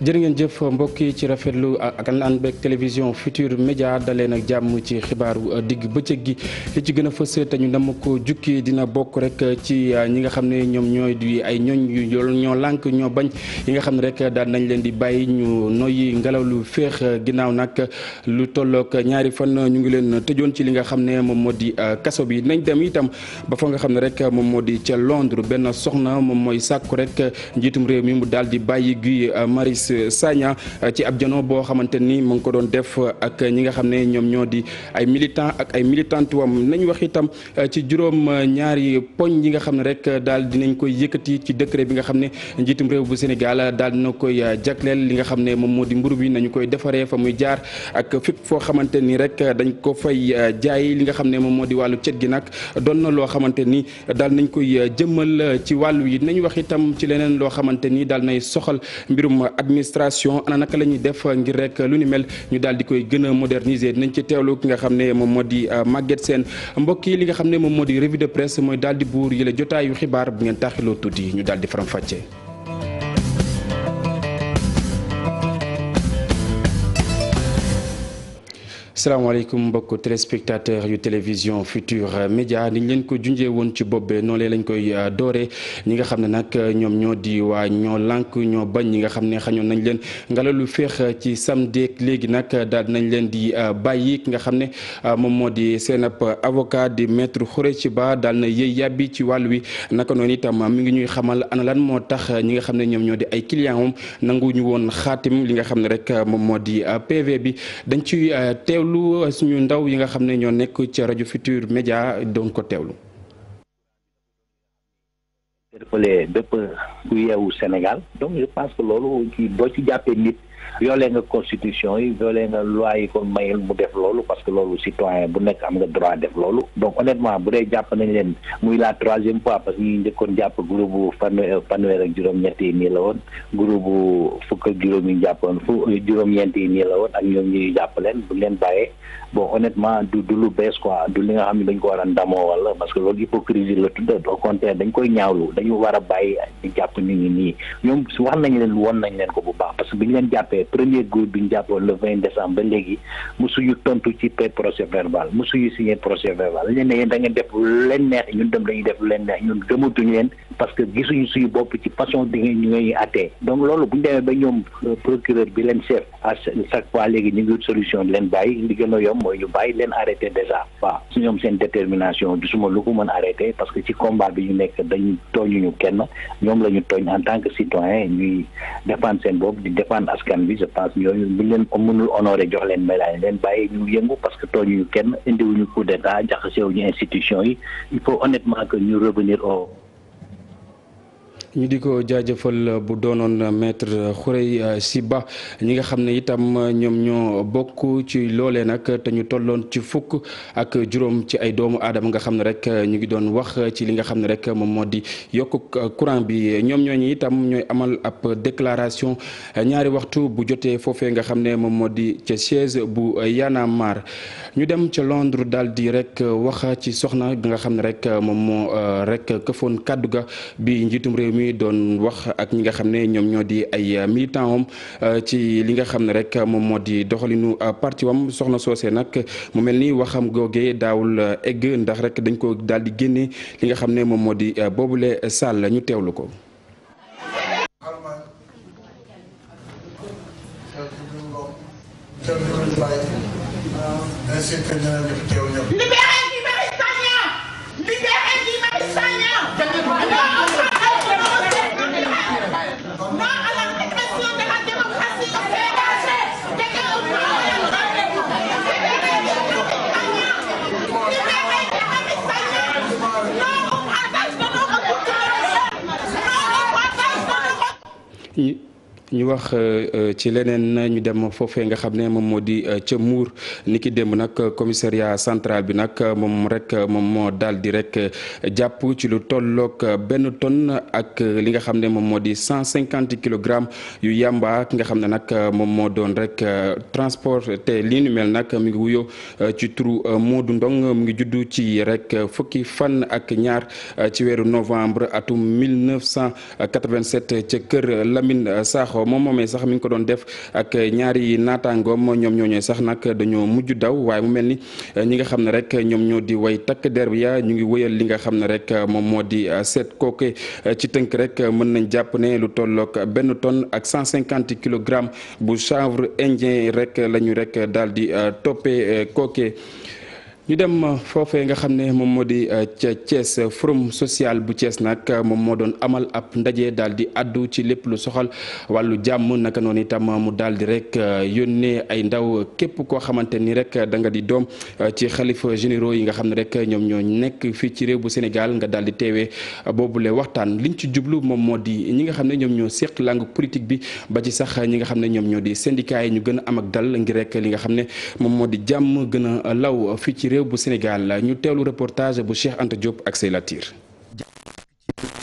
jërë ngeen jëf mbokk yi ci rafetlu ak ànd beeg télévision Futur Média daleen ak jàmm ci xibaaru digg bëccëg gi li ci gën a fës te ñu nam ko jukki dina bokk rek ci ah, ñi nga xam ne ñoom ñooy di ay ñooñ yu ñoo lànk ñoo bañ yi nga xam ne rek daan nañ leen di bàyyi ñu noyyi ngelaw lu féex ginnaaw nag lu tollook ñaari fan ñu ngi leen tëjoon ci li nga xam ne moom moo di ah, kaso bi nañ dem itam ba fa nga xam ne rek moom moo di ca Londres benn soxna moom mooy sàkku rek njiitum réew mi mu daal di bàyyi Guy Marius Sagna eh, ci ab jano boo xamante ni mu ngi ko doon def eh, ak ñi nga xam ne ñoom ñoo di ay militant ak ay militante wam nañ wax itam eh, ci juróom ñaari poñ yi nga xam ne rek daal dinañ koy yëkkati ci décret bi nga xam ne njiitum réew bu Sénégal daal dina koy jagleel li nga xam ne moom moo di mburu bi nañu koy defaree fa muy jaar ak fépp foo xamante ni rek dañ ko fay jaay li nga xam ne moom moo di wàllu cet gi nag doon na loo xamante ni daal nañ koy jëmmal ci wàllu yi nañ wax itam ci leneen loo xamante ni daal nay soxal mbirum administration ana naka la ñuy def ngir rek lu ni mel ñu daal di koy gën a moderniser nañ ci teewlu ki nga xam ne moom moo di euh, Maguette Sène mbokk yi li nga xam ne moom moo di revue de presse mooy daal di buur yële jotaayu xibaar bu ngeen taaxiloo tuuti ñu daal di faram-fàccee. salaamaaleykum mbokk téléspectateur yu télévision Futur Média ni leen ko junjee woon ci bopp bi noonu lañ koy euh, dooree ñi nga xam ne nag ñoom ñoo di waa ñoo lànk ñoo bañ ñi nga xam ne xañoon nañ leen ngelalu féex ci samedi ak léegi nag daal nañ leen di euh, bàyyi ki nga xam ne euh, moom moo di seen ab avocat di maître ci Ba daal na yëy yàbbi ci wàll wi naka noonu itam mi ngi ñuy xamal ana lan moo tax ñi nga xam ne ñoom ñoo di ay client moom nanguñu woon xaatim li nga xam ne rek moom moo di PV bi dañ ci teewlu teewlu suñu ndaw yi nga xam ne ñoo nekk ci rajo Futur Média doon ko teewlu. bépp ku yeewu Sénégal donc je pense que loolu boo ci jàppee nit. violé nga constitution yi violé nga loi yi ko mayel mu def loolu parce que loolu citoyen bu nekk am nga droit def loolu donc honnêtement bu dee jàpp nañ leen muy la troisième fois parce que ñu njëkkoon jàpp groupe bu fanweer fanweer ak juróom-ñett yi nii la woon groupe bu fukk ak juróom jàppoon fu juróom-ñeent nii la woon ak ñoom ñuy jàpp leen bu leen bàyyee bon honnêtement du du lu bees quoi du li nga xam ne dañ ko war a ndamoo wala parce que loolu hypocrisie la tudde au contraire dañ koy ñaawlu dañu war a bàyyi di jàpp nit nii ñoom wax nañ leen woon nañ leen ko bu baax parce que bi ñu leen jàppee premier groupe bi ñu jàppoon le 20 décembre ba léegi musuñu tontu ci paie procès verbal musuñu signé procès verbal leen ne yéen da ngeen def lu leen neex ñun dem dañuy def lu leen neex ñun gëmatuñu leen parce que gisuñu suñu bopp ci façon bi ngeen ñu ngay attee donc loolu bu ñu euh, bi leen chef à ñu ngi solution di leen bàyyi li gën a mooy ñu bàyyi leen arrêté déjà waaw su ñoom seen détermination gisuma lu ko mën arrêté parce que ci combat bi ñu nekk dañu tooñuñu kenn ñoom la ñu tooñ en tant que citoyen ñuy défendre seen bopp di défendre askan bi je pense ñooñu bu leen mënul honoré jox leen médaille leen bàyyi ñu yëngu parce que tooñuñu kenn indiwuñu coup d'état jaxasewuñu institution yi il faut honnêtement que ñu revenir au ñu di ko jaajëfal bu doonoon maître Khourey euh, si ba ñi nga xam ne itam euh, ñoom ñoo bokk ci loole nag te ñu tolloon ci fukk ak juróom ci ay doomu aadama nga xam ne rek euh, ñu ngi doon wax ci li nga xam ne rek moom moo di yokk courant bi ñoom ñooñu itam ñooy amal ab déclaration ñaari waxtu bu jotee foofee nga xam ne moom moo di ca siège bu Y'en ñu dem ca Londres daal di rek wax ci soxna bi nga xam ne rek moom moo rek këfoon kàddu ga bi njiitum réew mi doon wax ak ñi nga xam ne ñoom ñoo di ay militant am euh, ci li nga xam ne rek moom moo di doxalinu euh, parti soxna soose nag mu mel ni waxam googee daawul euh, egg ndax rek dañ ko daal di génne li nga xam ne moom moo di boobule sàll ñu teewlu ko. ci ñu wax euh, euh, ci leneen ñu dem foofee nga xam ne moom moo di euh, ca muur ni ki démb nag commissariat central bi nag moom moom moo daal di rek jàpp ci lu tolloog benn tonne ak li nga xam ne moom moo di cent cinquante kilogrammes yu yàmba ki nga xam ne nag moom moo doon rek transport te lii nu mel nag mi ngi wuyo ci turu Modou Ndong mu ngi juddu ci rek fukki fan ak ñaar ci weeru novembre atum 1987 ca kër Lamine Sakho loxo moom moomee sax mi ngi ko doon def ak ñaari naataangoom ñoom ñooñee sax nag dañoo mujj daw waaye mu mel ni eh, ñi nga xam ne rek ñoom ñoo di way takk der bi ya ñu ngi wëyal li nga xam ne rek eh, moom moo di eh, seet kooke ci tënk rek mën nañ jàpp ne lu tolloog benn tonne ak 150 kilogramme bu chanvre indien rek la ñu rek daal di toppee kooke ñu dem yi euh, nga xam ne moom moo di euh, ca Thiès euh, forum social bu Thiès nag moom moo doon amal ab ndaje daal di addu ci lépp lu soxal wàllu jàmm naka noonu itam mu daal di rek yónnee ay ndaw képp koo xamante ni rek da di doom ci xalifa généraux yi nga xam ne rek ñoom ñoo nekk fii ci réew bu Sénégal nga daal di teewee boobule waxtaan liñ ci jublu moom moo di ñi nga xam ne ñoom ñoo seq langue politique bi ba ci sax ñi nga xam ne ñoom ñoo di syndicat yi ñu gën a am ak dal li nga xam ne moom moo di jàmm gën law fii ci réew réew bu ñu teewlu reportage bu Cheikh Anta Diop ak say latir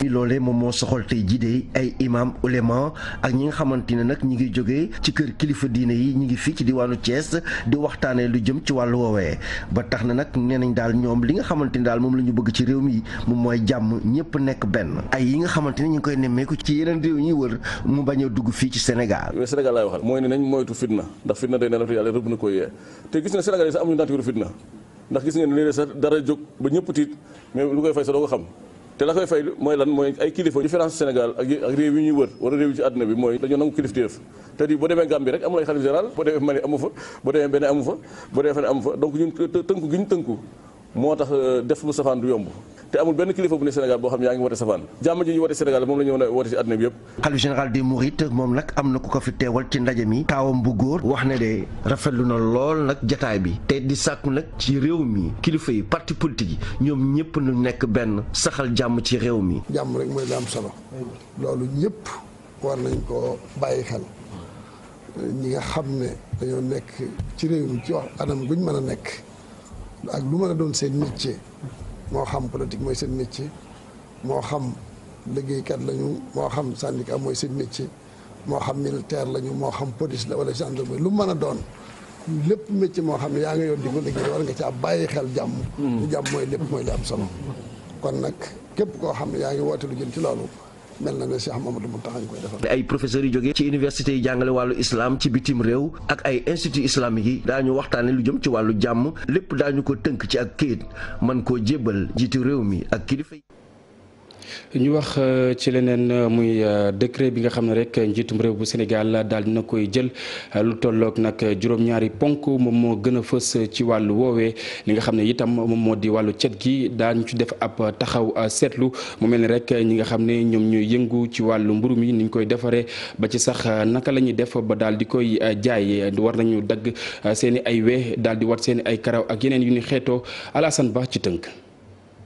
moom moo soxal tey jii de ay imam ulema ak ñi nga xamante ne nag ñi ngi jógee ci kër kilifa diine yi ñi ngi fii ci diwaanu Thiès di waxtaanee lu jëm ci wàllu woowee ba tax na nag nee nañ daal ñoom li nga xamante ne daal moom la ñu bëgg ci réew mi moom mooy jàmm ñëpp nekk benn ay yi nga xamante ne ñu koy nemmeeku ci yeneen réew ñuy wër mu bañ a dugg fii ci Sénégal Sénégal laay waxal mooy ne nañ moytu fitna ndax fitna day ne la yàlla rëbb na ko yee te gis na Sénégal yi sax amuñu naatiru fitna ndax gis ngeen léeg-léeg sax dara jóg ba ñëpp tiit mais lu koy fay sa doo ko xam te la koy fay mooy lan mooy ay kilifa différence Sénégal ak ak réew yi ñuy wër wala réew yi ci àdduna bi mooy dañoo nangu kilifteef te di boo demee Gambie rek amul ay xalif général boo demee Mali amu fa boo demee benn amu fa boo demee feneen amu fa donc ñun tënku gi ñu tënku moo tax euh, def lu safaan du yomb te amul benn kilifa bu ne Sénégal boo xam yaa ngi wote safaan jàmm ji ñu wote Sénégal moom la ñu mën a wote ci àdduna bi yëpp. moom nag am na ku ko fi teewal ci ndaje mi. taawam bu góor wax ne de rafetlu na lool nag jataay bi te di sàkku nag ci réew mi kilifa yi parti politique yi ñoom ñëpp ñu nekk benn saxal jàmm ci réew mi. jàmm rek mooy la am solo loolu ñëpp war nañ koo bàyyi xel ñi nga xam ne dañoo nekk ci réew mi ci wax anam guñ mën a nekk. ak lu mën a doon seen métier moo xam politique mooy seen métier moo xam liggéeykat lañu moo xam sànni syndicat mooy seen métier moo xam militaire lañu moo xam police la wala gendarmerie lu mën a doon lépp métier moo xam ne yaa ngi yoon di ko liggéey war nga caa bàyyi xel jàmm. lu mm. jàmm mooy lépp mooy li am solo kon nag képp koo xam ne yaa ngi woote lu jëm ci loolu. mel na ne Cheikh ay professeurs yu jógee ci université yi jàngale wàllu islam ci bitim réew ak ay institut islamique yi daañu waxtaane lu jëm ci wàllu jàmm lépp daañu ko tënk ci ak këyit man koo jébbal jiitu réew mi ak kilifa ñu wax euh, ci leneen euh, muy euh, décret bi nga xam ne rek njiitum réew bu Sénégal daal na koy jël lu tolloog nag juróom-ñaari ponk moom moo gën a fës ci wàllu woowee li nga xam ne itam moom moo di wàllu cet gi daañu ci def ab taxaw seetlu mu mel ni rek ñi nga xam ne ñoom ñooy yëngu ci wàllu mburu mi ni ñu koy defaree ba ci sax naka la ñuy def ba daal di koy jaay war nañu dagg seeni ay we daal di wat seen i ay karaw ak yeneen yu ni xeetoo Alassane Ba ci tënk.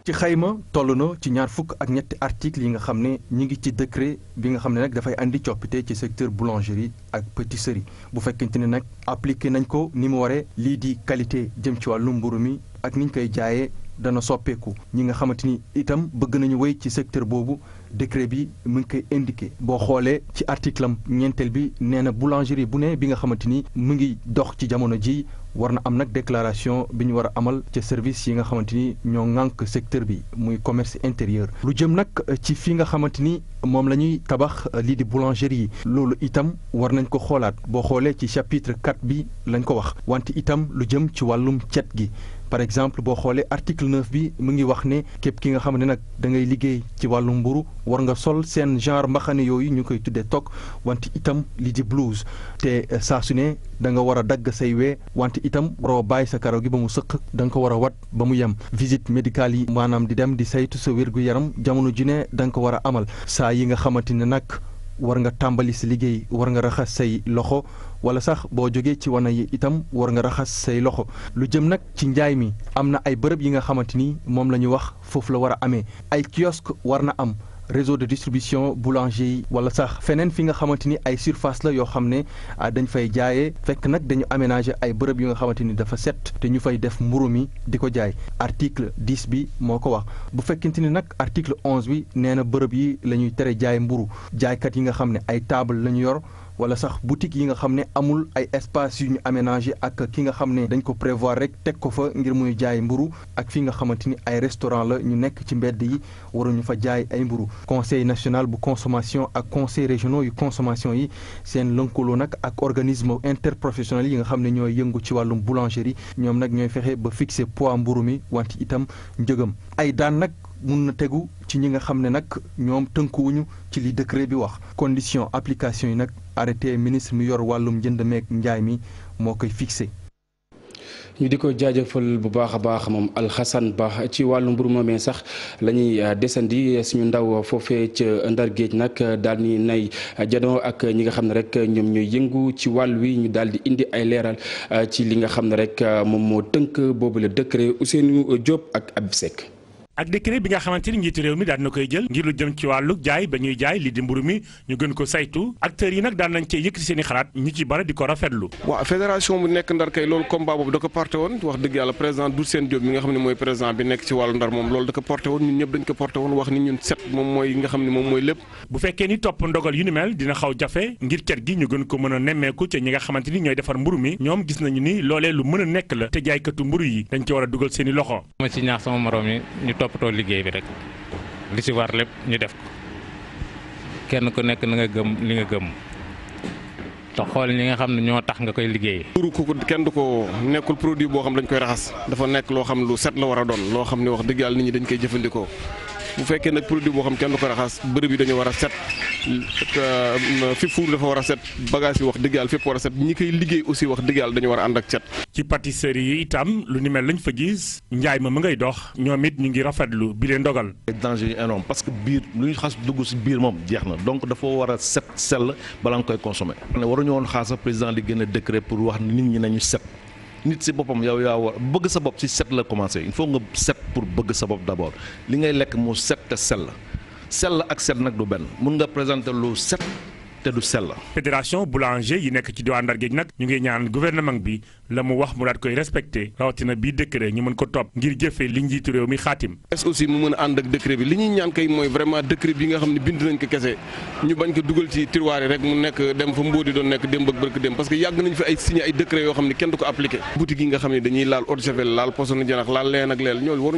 ci xayma toll na ci ñaar fukk ak ñetti article yi nga xam ne ñu ngi ci décret bi nga xam ne nag dafay andi coppite ci secteur boulangerie ak pâtisserie bu fekkente ne nag appliqué nañ ko ni mu waree lii di qualité jëm ci wàllu mburu mi ak niñ koy jaayee dana soppeeku ñi nga xamante ni itam bëgg nañu wéy ci secteur boobu décret bi mu ngi koy indiqué boo xoolee ci article ñeenteel bi nee na boulangerie bu ne bi nga xamante ni mu ngi dox ci jamono ji war na am nag déclaration bi ñu war a amal ca service yi nga xamante ni ñoo ŋànk secteur bi muy commerce intérieur lu jëm nag ci fii nga xamante ni moom la ñuy tabax lii di boulangerie yi loolu itam war nañ ko xoolaat boo xoolee ci chapitre 4 bi lañ ko wax wante itam lu jëm ci wàllum cet gi par exemple boo xoolee article 9 bi mu ngi wax ne képp ki nga xam ne nag dangay liggéey ci wàllu mburu war nga sol seen genre mbaxane yooyu ñu koy tuddee toog wante itam li di blouse te eh, saa su ne da nga war a dagg say wee wante itam waroo bàyyi sa karaw gi ba mu sëq da nga ko war a wat ba mu yem visite médicale yi maanaam di dem di saytu sa wér-gu-yaram jamono ji ne danga ko war a amal saa yi nga xamante ne nag war nga tàmbali sa liggéey war nga raxas say loxo wala sax boo jógee ci wana yi itam war nga raxas say loxo lu jëm nag ci njaay mi am na ay bërëb yi nga xamante ni moom la ñu wax foofu la war a amee ay kiosque war na am réseau de distribution boulanger yi wala sax feneen fi nga xamante ni ay surface la yoo xam ne ah, dañu fay jaayee fekk nag dañu aménager ay bërëb yu nga xamante ni dafa set te ñu fay def mburu mi di ko jaay article 10 bi moo ko wax bu fekkente ni nag article onze bi nee na bërëb yi la ñuy jaay mburu jaaykat yi nga xam ne ay table la ñu yor wala sax boutique yi nga xam ne amul ay espace yu ñu aménagé ak ki nga xam ne dañ ko prévoir rek teg ko fa ngir muy jaay mburu ak fii nga xamante ni ay restaurant la ñu nekk ci mbedd yi waruñu fa jaay ay mburu conseil national bu consommation ak conseil régionaux yu consommation yi seen lënkaloo nag ak organisme interprofessionnel yi nga xam ne ñooy yëngu ci wàllum boulangerie ñoom nag ñooy fexe ba fixer poids mburu mi wante itam njëgam ay daan nag mun na tegu ci ñi nga xam ne nag ñoom tënkuwuñu ci li décret bi wax condition application yi nag arrêté ministre mi yor wàllum njënd meeg njaay mi moo koy fixé. ñu di ko jaajëfal bu baax a baax moom alxasan ci wàllu mburu moomee sax la ñuy euh, desandi suñu ndaw foofee ca ndar géej nag euh, daal ni nay janoo ak ñi nga xam ne rek ñoom ñooy yëngu ci wàll wi ñu daal di indi ay leeral euh, ci li nga xam ne rek moom moo tënk boobu la décret Ousseynou Diop ak Abib Seck ak décret bi nga xamante ni njiitu réew mi daan koy jël ngir lu jëm ci wàllu jaay ba ñuy jaay li di mburu mi ñu gën ko saytu acteurs yi nag daan nañ cee yëkkati seen i xalaat ñu ci bare di ko rafetlu waaw fédération bu nekk ndar kay loolu combat boobu da ko porté woon wax dëgg yàlla président Dour Sène Diop mi nga xam ne mooy président bi nekk ci wàllu ndar moom loolu da ko porté woon ñun ñëpp dañ ko porté woon wax ni ñun set moom mooy nga xam ne moom ni topp ndogal yu ni a nemmeeku ci ñi nga yi dañ ci a dugal seen i potoo liggéey bi rek lu ci war lépp ñu def ko kenn ku nekk na nga gëm li nga gëm te xool ñi nga xam ne ñoo tax nga koy liggéey. tuuru ku kenn du ko nekkul produit boo xam dañ koy raxas dafa nekk loo xam lu set la war a doon loo xam ne wax dëgg yàlla nit ñi dañ koy jëfandikoo bu fekkee nag produit boo xam kenn du ko raxas bërëb yi dañu war a set euh, fi fuur dafa war a set bagage yi wax dëgg yàlla fépp war a set ñi koy liggéey aussi wax dëgg yàlla dañu war a ànd ak set. ci pâtisserie yi itam lu ni mel lañ fa gis njaay ma ma ngay dox ñoom it ñu ngi rafetlu bi leen dogal. danger yu énorme que biir lu ñu xas dugg si biir moom jeex na donc dafa war a set sell balaa nga koy consommer. waruñu woon xaar sax président di gën a décret pour wax nit ñi nañu set. nit si boppam yow yaa war bëgg sa bopp si set la commencé il faut nga set pour bëgg sa bopp d' abord li ngay lekk mu set te sell la ak set nag du benn mun nga présenter lu set te du la fédération boulanger yi nekk ci diwaan Ndar Géej nag ñu ngi ñaan gouvernement bi. la mu wax mu daat koy respecté rawatina bii décret ñu mën ko topp ngir jëfee li njiitu réew mi xaatim est aussi mu mën a ànd ak décret bi li ñuy ñaan kay mooy vraiment décret bi nga xam ne bind nañ ko kese ñu bañ ko dugal ci tiroir yi rek mu nekk dem fa mbóodi doon nekk démb ak bërk démb parce que yàgg nañu fi ay signé ay décret yoo xam ne kenn du ko appliqué boutique yi nga xam ne dañuy laal eau laal poisson janax laal leen ak leen ñoo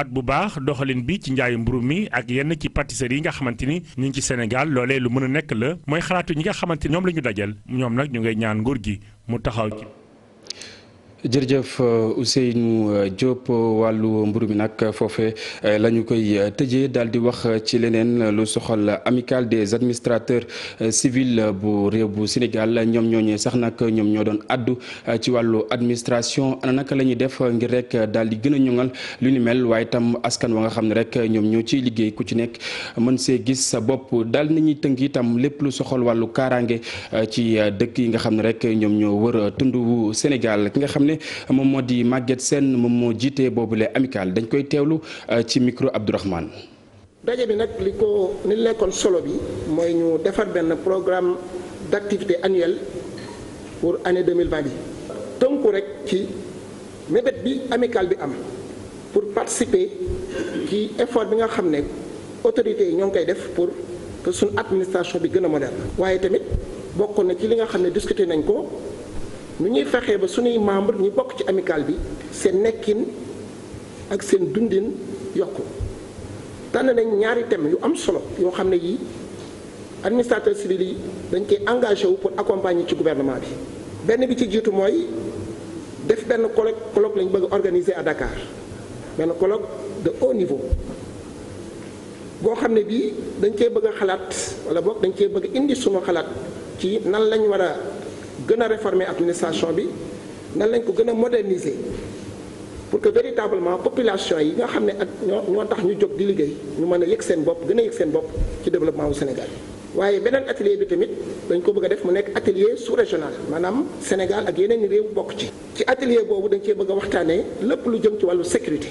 ngi bu baax doxalin bi ci njaayu mburu mi ak yenn ci pâtisserie yi nga xamante ni ñu ci Sénégal loolee lu mën a nekk la mooy xalaatu ñi nga xamante ni ñoom la ñu dajal ñoom nag ñu ngay ñaan nguur gi mu taxaw ci jërëjëf euh, Ousseynou euh, Diop euh, wàllu mburu mi nag foofe la ñu koy tëjee daal di wax ci leneen lu soxal amicale des administrateurs civils bu réew bu Sénégal ñoom ñoo ñooñee sax nag ñoom ñoo doon àddu ci wàllu administration ana naka la ñuy def ngir rek daal di gën a ñoŋal lu ni mel waaye tam askan wa nga xam ne rek ñoom ñoo ciy liggéey ku ci nekk mën se gis sa bopp daal nañuy tënk itam lépp lu soxal wàllu kaaraange ci dëkk yi nga xam ne rek ñoom ñoo wër tund Sénégal ki moom moo di Maguette seen moom moo jiitee boobule amical dañ koy teewlu euh, ci micro Abdourahmane daje bi nag li ko ni lekkool solo bi mooy ñu defar benn programme d'activité annuelle pour année 2020 bi tënku rek ci mébét bi amical bi am pour participer ci effort bi nga xam ne autorités yi ñoo ngi koy def pour que suñu administration bi gën a moderne waaye tamit bokk na ci li nga xam ne discuté nañ ko nu ñuy fexee ba suñuy membre ñu bokk ci amicale bi seen nekkin ak seen dundin yokku tànn nañ ñaari thème yu am solo yoo xam ne yi administrateur civil yi dañ koy engagé wu pour accompagner ci gouvernement bi benn bi ci jiitu mooy def benn colloque kolog lañ bëgg organiser à Dakar benn kolog de haut niveau boo xam ne bii dañ cee bëgg xalaat wala boog dañ cee bëgg indi suma xalaat ci nan lañ war a gën a réformer administration bi nan lañ ko gën a moderniser pour que véritablement population yi nga xam ne ak ñoo ñoo tax ñu jóg di liggéey ñu mën a yëg seen bopp gën a yëg seen bopp ci développement wu Sénégal. waaye beneen atelier bi tamit dañ ko bëgg a def mu nekk atelier sous régional maanaam Sénégal ak yeneen réew bokk ci. ci atelier boobu dañ cee bëgg a waxtaanee lépp lu jëm ci wàllu sécurité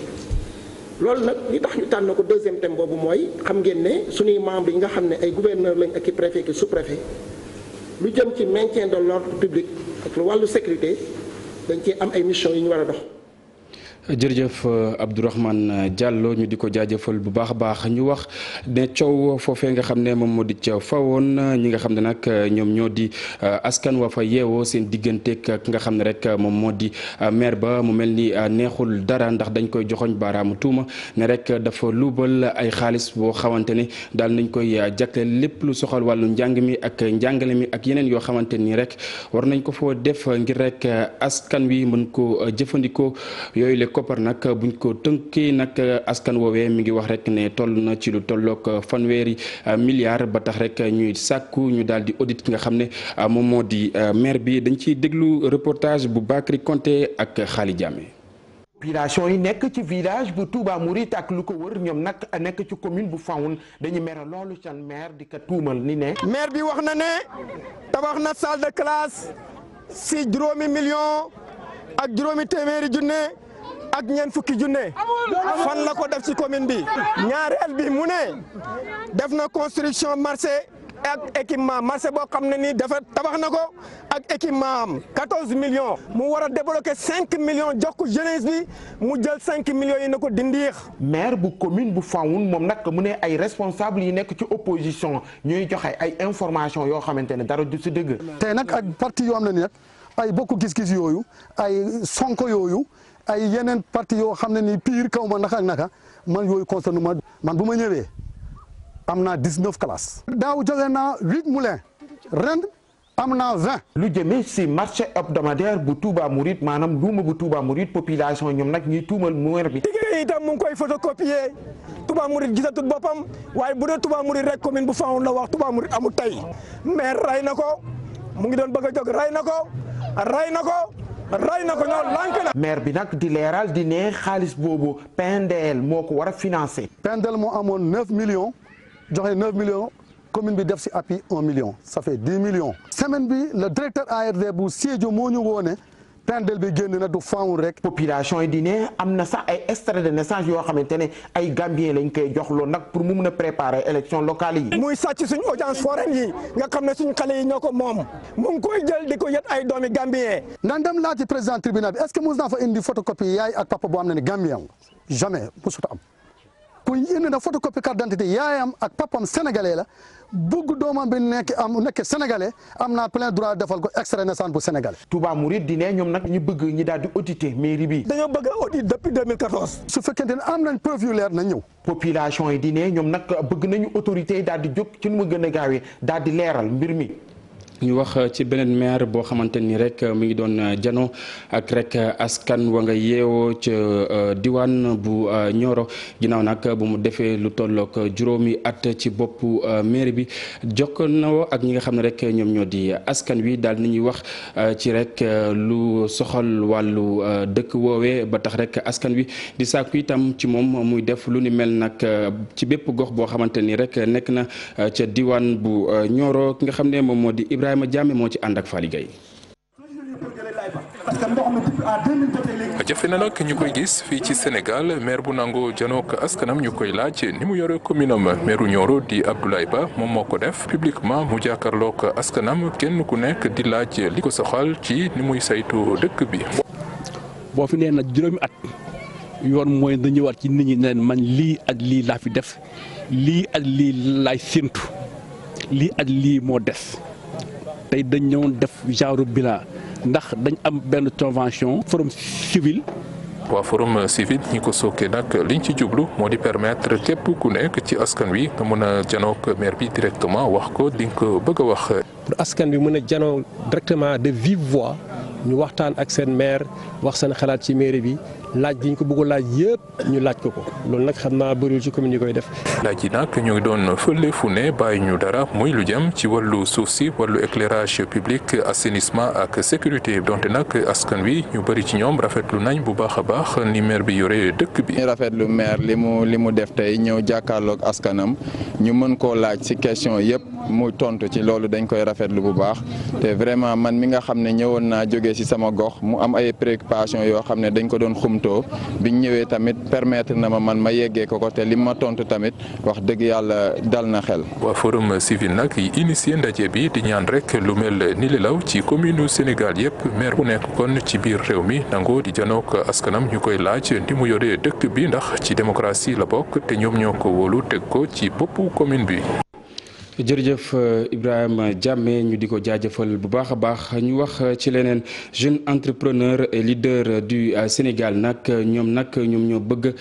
loolu nag li tax ñu tànn ko deuxième thème boobu mooy xam ngeen ne suñuy membres yi nga xam ne ay gouverneur lañ ak i préfet ki sous lu jëm ci maintien de l'ordre public ak lu wàllu sécurité dañ ci am ay mission yu ñu war a dox jërëjëf euh, Abdourahmane euh, Diallo ñu di ko jaajëfal bu baax a baax ñu wax ne coow foofee nga xam ne moom moo di ca fawoon ñi nga xam ne nag euh, ñoom ñoo di askan wa fa yeewoo seen digganteeg ki nga xam ne rek moom moo di maire ba mu mel ni neexul dara ndax dañ koy joxoñ baaraamu tuuma ne rek dafa luubal ay xaalis boo xamante ne daal nañ koy jagleel lépp lu soxal wàllu njàng mi ak njàngale mi ak yeneen yoo xamante nii rek war nañ ko foo def ngir rek askan wi mën ko jëfandikoo yooyu koppar nag buñ ko tënkee nag askan woowee mi ngi wax rek ne toll na ci lu tolloog fanweeri euh, milliards ba tax rek ñuy sàkku ñu daal di audit ki nga xam ne euh, moom moo di euh, maire bi dañ ciy déglu reportage bu Bakary Konté ak Xaali Jaame population yi nekk ci village bu Touba Mouride ak lu ko wër ñoom nag nekk ci commune bu Fawoun dañu mer loolu seen maire di ko tuumal ni ne. maire bi wax na ne tabax na salle de classe si juróomi million ak juróomi téeméeri junne. ak ñeent fukki junne fan la ko def ci commune bi ñaareel bi mu ne def na construction marché ak équipement marché boo xam ne nii dafa tabax na ko ak équipement am millions mu war a débloquer 5 millions jox ko jeunesse bi mu jël 5 millions yi na ko dindiix maire bu commune bu Faoun moom nag mu ne ay responsable yi nekk ci opposition ñuy joxe ay information yoo xamante ne dara du si dëgg. tey nag ak parti yoo xam ne nii nag ay bokk gis-gis yooyu ay sonko yooyu. ay yeneen parti yoo xam ne nii pire kaw na naka ak naka man yooyu concerné ma man bu ma ñëwee am naa dix neuf classes. daaw jóge naa huit moulins ren am naa vingt. lu jëmee si marché hebdomadaire bu Touba Mouride maanaam luuma bu Touba murit population ñoom nag ñuy tuumal muwer bi. tigre itam mu ngi koy photocopier Touba Mouride gisatut boppam waaye bu dee tuba Mouride rek commune bu Faxoon la wax Touba Mouride amul tey maire ray na ko mu ngi doon bëgg a jóg ray na ko ray ray na ko ñoo lànk na. maire bi nag di leeral di ne xaalis boobu PNDL moo ko war a financé. PNDL moo amoon 9 millions joxe 9 million commune bi def si appui 1 million ça fait 10 millions. semaine bi la directeur ARD bu Sédhiou moo ñu woone tendel bi génn na du fawul rek population yi di ne am na sax ay extrait de naissance yoo xamante ne ay gambien lañ koy jox loolu nag pour mu mun a préparer élection locale yi muy sàcc suñu audience foraine yi nga xam ne suñu xale yi ñoo ko moom mu ngi koy jël di ko yët ay doomi gambien nan dem laaj président tribunal bi est ce que mos naa fa indi photocopie yaay ak papa boo xam ne ne gambien jamais mosut am ku indi na photocopie carte d'identité yaayam ak papam sénégalais la bugg doomam bi nekk am nekk sénégalais am naa plein droit defal ko extrait naissance bu sénégalais. Touba Mouride di ne ñoom nag ñu bëgg ñi daal di auditer mairie bi. dañoo bëgg a audit depuis su fekkente ne am nañ preuve yu leer na ñëw. population yi di ne ñoom nag bëgg nañu autorité yi daal di jóg ci nu mu gën a gaawee daal di leeral mbir mi. ñu wax euh, ci beneen maire boo xamante ni rek euh, mu ngi doon euh, jano ak rek askan wa nga yeewoo ca diwaan bu Nioro ginnaaw nag bu mu defee lu tollook juróomi at ci boppu maire bi jokk na ak ñi nga xam ne rek ñoom ñoo di askan wi daal nañuy wax ci rek lu soxal wàllu dëkk woowee ba tax rek askan wi di sàkku ci moom muy def lu ni mel nag ci bépp gox boo xamante ni rek nekk na moo di Ibrahima Ibrahima Diame moo ci ànd ak Fally na nag ñu koy gis fii ci Sénégal maire bu nangoo janook askanam ñu koy laaj ni mu yore commune am maire Nioro di Abdoulaye Ba moom moo ko def publiquement mu jàkkaarloog askanam kenn ku nekk di laaj li ko soxal ci ni muy saytu dëkk bi. boo fi nee juróomi at yoon mooy da ñëwaat ci nit ñi ne man lii ak lii laa fi def lii ak lii laay séntu lii ak lii moo des. tey dañ ñëw def genre bilan ndax dañ am benn convention forum civil waa forum civil ñu ko sookee nag liñ ci jublu moo di permettre képp ku nekk ci askan wi nga mën a janook maire bi directement wax ko di nga ko bëgg a wax. pour askan wi mën a janoo directement de vive voix ñu waxtaan ak seen maire wax seen xalaat ci mairie bi. laaj gi ñu ko bëgg laaj yëpp ñu laaj ko ko loolu nag xam naa bëriwul ci commune yi koy def. laaj yi nag ñu ngi doon fële fu ne bàyyi ñu dara muy lu jëm ci wàllu suuf si wàllu éclairage public assainissement ak sécurité donte nag askan wi ñu bëri ci ñoom rafetlu nañ bu baax a baax ni maire bi yore dëkk bi. ñu rafetlu maire li mu li mu def tey ñëw jàkkaarlook askanam ñu mën koo laaj ci question yëpp mu tontu ci loolu dañ koy rafetlu bu baax te vraiment man mi nga xam ne ñëwoon naa jógee ci sama gox mu am ay préoccupations yoo xam ne dañ ko doon tontoo biñ ñëwee tamit permettre na ma man ma yeggee ko ko te li ma tontu tamit wax dëgg yàlla dal na xel. waa forum civil nag yi initié ndaje bi di ñaan rek lu mel ni li law ci commune Sénégal yëpp maire bu nekk kon ci biir réew mi nangoo di janook askanam ñu koy laaj di mu yore dëkk bi ndax ci démocratie la bokk te ñoom ñoo ko wóolu teg ko ci boppu commune bi. jërëjëf euh, Ibrahima Diame ñu di ko jaajëfal bu baax a baax ñu wax euh, ci leneen jeune entrepreneur et leader euh, du Sénégal nag ñoom nag ñoom ñoo bëgg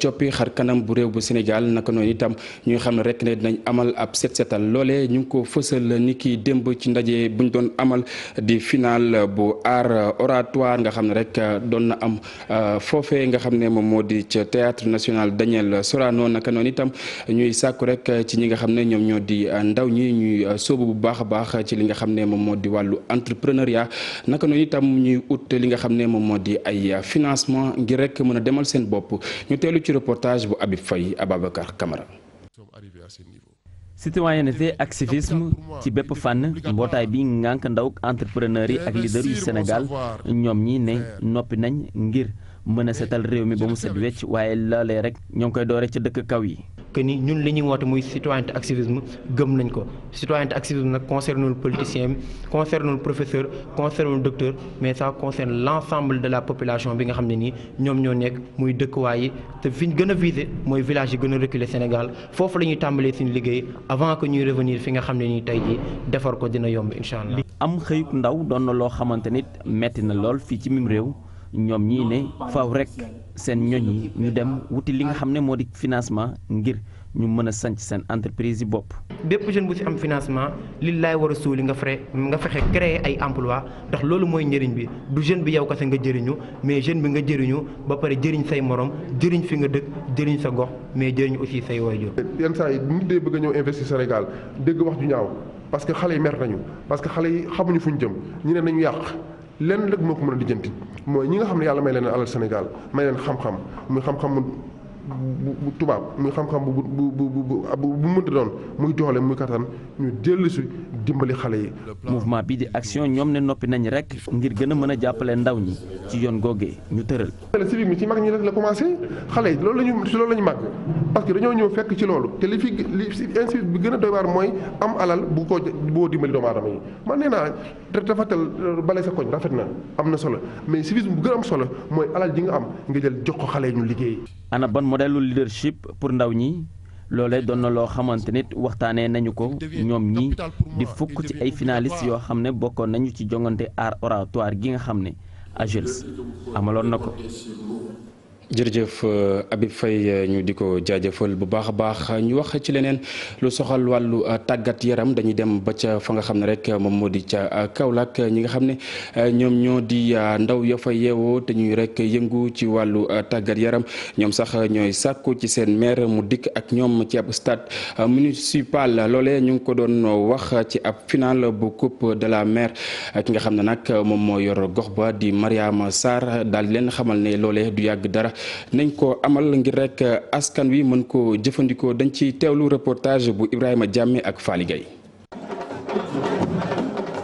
coppi xar kanam bu réew bu Sénégal naka noonu itam ñuy xam ne rek ne dinañ amal ab set loole ñu ngi ko fësal ni ki démb ci ndaje bu doon amal di final bu art oratoire nga xam ne rek doon na am foofee nga xam ne moom moo di ca théâtre national Daniel Sorano naka noonu itam ñuy rek ci ñi nga xam ne ñoom ñoo di. ndaw ñi ñuy euh, sóobu bu baax a baax ci li nga xam ne moom moo di wàllu entrepreneuriat naka noonu itam ñuy ut li nga xam ne moom moo di ay financement ngir rek mën a demal seen bopp ñu teelu ci reportage bu Habib Faye Ababacar Camara citoyenneté ak civisme ci bépp fànn mbootaay bi ngànk ndaw entrepreneur yi ak leader yu Sénégal ñoom ñi ne noppi nañ ngir mën a setal réew mi ba mu set wecc waaye loolee rek ñoo ngi koy doore ca dëkk kaw yi que ni ñun li ñuy woote muy citoyenneté activisme gëm nañ ko citoyenneté activisme nag concerne le politicien bi concerne le professeur concerne le docteur mais ça concerne l' de la population bi nga xam ne nii ñoom ñoo nekk muy dëkkuwaay yi te fi ñu gën a visé mooy village yi gën a reculé Sénégal foofu la ñuy tàmbalee suñu liggéey avant que ñuy revenir fi nga xam ne nii tey jii defar ko dina yomb incha allah. am xëyub ndaw doon na loo xamante nit metti na lool fii ci mim réew ñoom ñii ne faaw rek. seen ñoñ yi ñu dem wuti li nga xam ne moo di financement ngir ñu mën a sanc seen entreprise yi bopp. bépp jeune bu ci am financement li laay war a suuli nga fexe nga fexe créer ay emploi ndax loolu mooy njëriñ bi du jeune bi yow kese nga jëriñu mais jeune bi nga jëriñu ba pare jëriñ say morom jëriñ fi nga dëkk jëriñ sa gox mais jëriñ aussi say waajur. yenn saa yi nit dee bëgg ñëw investir Sénégal dégg wax ju ñaaw parce que xale yi mer nañu parce que xale yi xamuñu fuñ jëm ñu ne nañu yàq. lenn rek moo ko mën a lijjanti mooy ñi nga xam ne yàlla may leen alal Sénégal may leen xam-xam muy xam-xam bu tubaab muy xam-xam bu bu bu bu bu mënta doon muy doole muy kattan ñu dellusi dimbali xale yi. mouvement bii di action ñoom ne noppi nañ rek ngir gën a mën a jàppale ndaw ñi ci yoon googee ñu tëral. civique mi ci mag ñi rek la commencé xale yi loolu la ñu ci loolu la ñu màgg parce que dañoo ñëw fekk ci loolu te li fi li bi gën a doy waar mooy am alal bu ko boo dimbali doomu rafetal euh, bale sa koñ rafet na am na solo mais civisme bu gën am solo mooy alal ji nga am nga jël jox ko xale yi ñu liggéey. ana ban modèle leadership pour ndaw ñi. loolee doon na loo xamante nit waxtaanee nañu ko ñoom ñi di fukk ci ay finalistes yoo xam ne bokkoon nañu ci jongante art oratoire gi nga xam ne AGELS amaloon na ko jërëjëf euh, Habib fay euh, ñu di ko jaajëfal bu baax a baax ñu wax ci leneen lu soxal wàllu euh, tàggat yaram dañuy dem ba ca fa nga xam ne rek moom moo di ca Kaolack ñi nga xam ne ñoom ñoo di ndaw ya fa yeewoo te rek yëngu ci wàllu tàggat yaram ñoom sax ñooy sàkku ci seen maire mu dikk ak ñoom ci ab stade municipal loole ñu ngi ko doon wax ci ab final bu coupe de la maire ki nga xam ne nag moom moo yor gox ba di Mariama Sarr daal leen xamal ne loole du yàgg dara. nañ ko amal ngir rek euh, askan wi mën ko jëfandikoo dañ ci teewlu reportage bu Ibrahima Diame ak Faly Gueye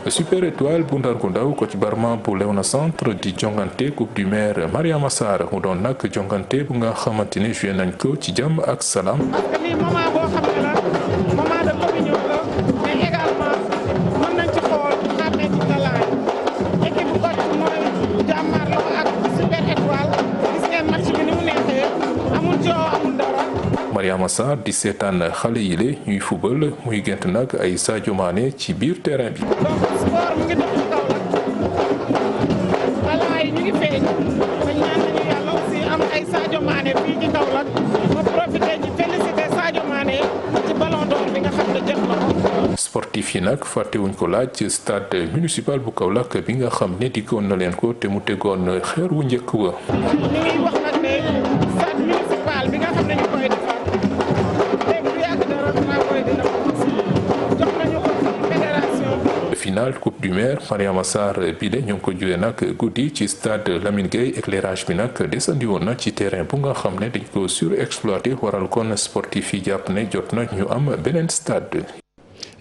Super Étoile bu Ndargu Ndaw Kocc Barma bu Léona Centre di jongante coupe du maire Mariama Sarr mu doon nag jongante bu nga xamante ne joué nañ ko ci jàmm ak salaam ça seetaan xale yile ñuy fubal muy gént nag ay Sadio ci biir terrain bi. sportif yi nag fàttewuñ ko laaj stade municipal bu kaw Kaolack bi nga xam ne diggoon na leen ko te mu tegoon xeer wu njëkk wa finale coupe du maire Mariama Sarr bile ñoo ko juree nag guddi ci stade Lamine Gueye éclairage bi nag descendi woon na ci terrain bu nga xam ne dañ ko surexploité waral kon sportif yi jàpp ne jot na ñu am beneen stade.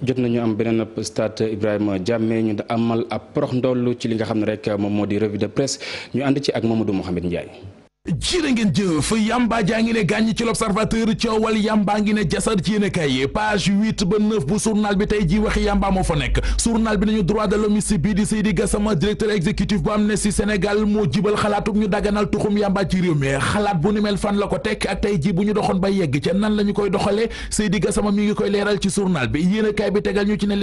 jot nañu am beneen stade Ibrahima jàmmee ñu amal ab porox ndollu ci li nga xam ne rek moom moo di revue de presse ñu ànd ci ak Mamadou Mouhamed Ndiaye. jirë ngeen jëf yamba jaa ngi ne gàññ ci l'observateur coowal yamba ngi ne jasar ci yéene kay page huit ba neuf bu journal bi tey ji waxi yamba moo fa nekk journal bi nañu droit de l'homme si bii di Seydi Gassama directeur exécutif bu Amnesty Sénégal moo jibal xalaatum ñu daganal tuxum yamba ci réew mi xalaat bu ni fan la ko teg ak tey ji bu ñu doxoon ba yegg ca nan la ñu koy doxalee Seydi Gassama mi ngi koy leeral ci journal bi yéene kay bi tegal ñu ci ne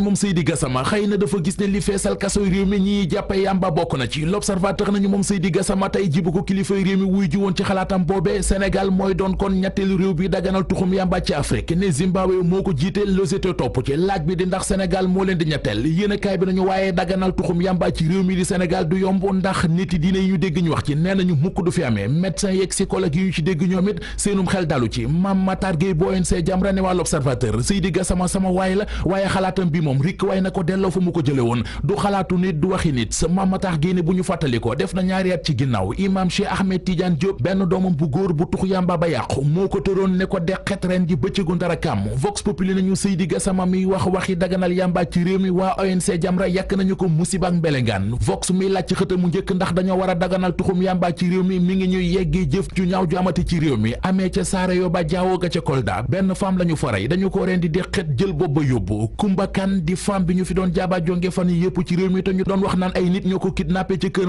moom Seydi Gassama na dafa gis ne li feesal kasoy réew mi ñi jàppe yamba bokk moom Seydi Gassama tey ji bu kilifay réew mi wuy ji woon ci xalaatam boobe Sénégal mooy doon kon ñetteelu réew bi daganal tuxum yàmba ci Afrique ne Zimbabwe moo ko jiite losité topp ci laaj bi di ndax Sénégal moo leen di ñetteel yéenekaay bi nañu waaye daganal tuxum yàmba ci réew mi di Sénégal du yomb ndax nit yi diine yi ñu dégg ñu wax ci nee na ñu mukk du fi amee médecin yeeg psychologue yi ñu ci dégg ñoom it seenum xel dalu ci Mame Matar Gueye bu ONG Jamra ne waa L'Observateur Seydi Gassama sama waay la waaye xalaatam bi moom rikk waaye na ko delloo fa mu ko jële woon du xalaatu nit du waxi nit Mame Matar Gueye ne bu ñu fàttali ko def na ñaari at ci ginnaaw Cheikh Ahmed Tidiane Diop benn doomam bu góor bu tux yàmba ba yàqu moo ko tëroon ne ko deqet ren ji bëccëgu ndara kàmm vox populi nañu Seydi Gassama mi wax waxi daganal yàmba ci réew mi waa ONC Jamra yàkk nañu ko musiba ak mbelengaan vox mi laaj ci xëta mu njëkk ndax dañoo war a daganal tuxum yàmba ci réew mi mi ngi ñuy yeggee jëf ju ñaaw ju amati ci réew mi amee ca saare yoo ba jaawoo ga ca Kolda benn femme la ñu faray dañu ko ren di deqet jël bopp ba yóbbu Kumba Kan di femme bi ñu fi doon jaaba jonge fan yépp ci réew mi te ñu doon wax naan nit ñoo ko kidnappé ci kër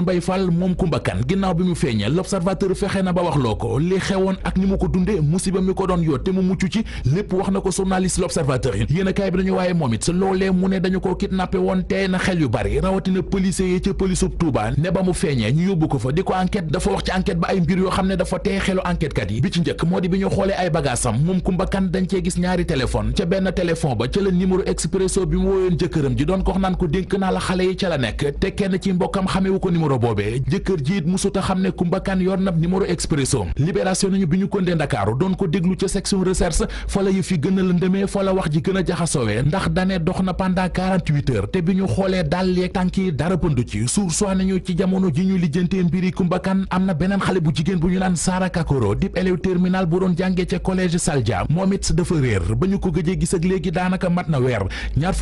moom Kumba Kan ginnaaw bi mu feeñee bañ l'observateur fexe na ba wax loo ko li xewoon ak ni mu ko dunde musiba mi ko doon yoot te mu mucc ci lépp wax na ko journaliste l'observateur yi yéen a kaay bi dañu waaye moom it loolee mu ne dañu ko kidnappé woon tey na xel yu bari rawatina policiers yi ca polisub Touba ne ba mu feeñee ñu yóbbu ko fa di ko enquête dafa wax ci enquête ba ay mbir yoo xam ne dafa tey xelu enquête yi bi ci njëkk moo di bi ñu xoolee ay bagaasam moom Kumba Kan dañ cee gis ñaari Bakane yor nab numéro expresso libération nañu bi ñu kondee Ndakaaru doon ko déglu ca section recherche fa yi gën a lëndëmee fa la wax ji gën a ndax dane dox na pendant te bi ñu xoolee daal yeeg tànk yi dara pëndu ci suur soi nañu ci jamono ji ñu lijjantee mbiri Kumba am na beneen xale bu jigéen bu ñu naan Sara Kakoro dip élève terminal bu doon jàngee ca collège Saldia moom it dafa réer ba ñu ko gëjee gis ak léegi daanaka mat na weer ñaar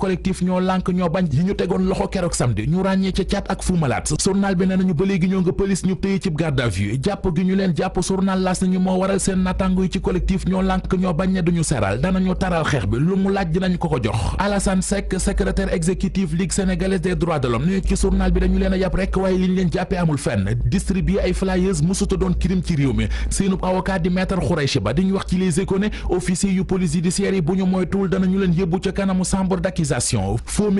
yu ñoo lànk ñoo bañ yi ñu tegoon loxo keroog samedi ñu ràññee ca caat ak fuumalaat journal bi nee nañu ba ñoo nga police ñu tëye cib garde à jàpp gi ñu leen jàpp journal laas nañu moo waral seen natango yi ci collectif ñoo lànk ñoo bañ ne duñu seral danañu taral xeex bi lu mu laaj dinañ ko ko jox Alassane Seck secrétaire exécutif Ligue sénégalaise des droits de l'homme ci journal bi dañu leen yàpp rek waaye li leen jàppee amul fenn privatisation faux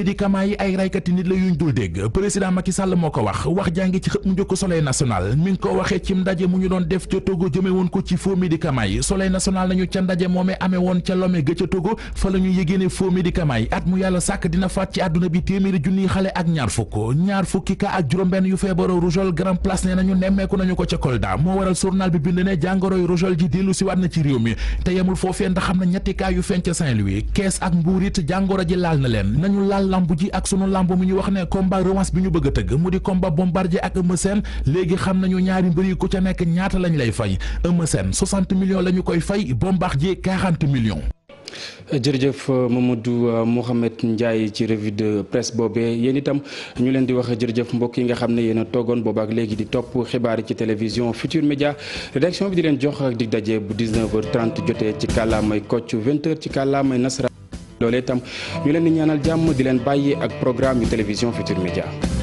yi ay raykati nit la yuñ dul dégg président Macky moo ko wax wax jàngi ci xët mu njëkk soleil national mi ngi ko ndaje mu ñu doon def ca Togo jëme woon ko ci faux médicaments yi soleil national nañu ca ndaje moomee amee ca Lomé ga ca Togo fa la ñu ne faux médicaments yi at mu yàlla sàkk dina faat ci àdduna bi téeméeri junniy xale ak ñaar fukk ñaar fukki ka ak juróom-benn yu feebaru rougeole grand place ne nañu nemmeeku laal na leen nañu laal lamb ji ak sunu lamb mi ñu wax ne combat revanche bi ñu bëgg a tëgg mu di combat bombardier ak Eumeu Sène léegi xam nañu ñaari mbër yi ku ca nekk ñaata lañ lay fay Eumeu Sène 60 millions la ñu koy fay bombardier 40 millions. jërëjëf Mamadou euh, Mouhamed Ndiaye ci revue de presse boobee yéen itam ñu leen di wax jërëjëf mbokk yi nga xam ne yéen a toogoon boobaak léegi di topp xibaar yi ci télévision Futur Média rédaction bi di leen jox ak di daje bu 19h30 jotee ci kàllaamay kocc 20h ci kàllaamay nasara. loolee itam ñu leen di ñaanal jàmm di leen bàyyi ak programme yu télévision Futurs Médias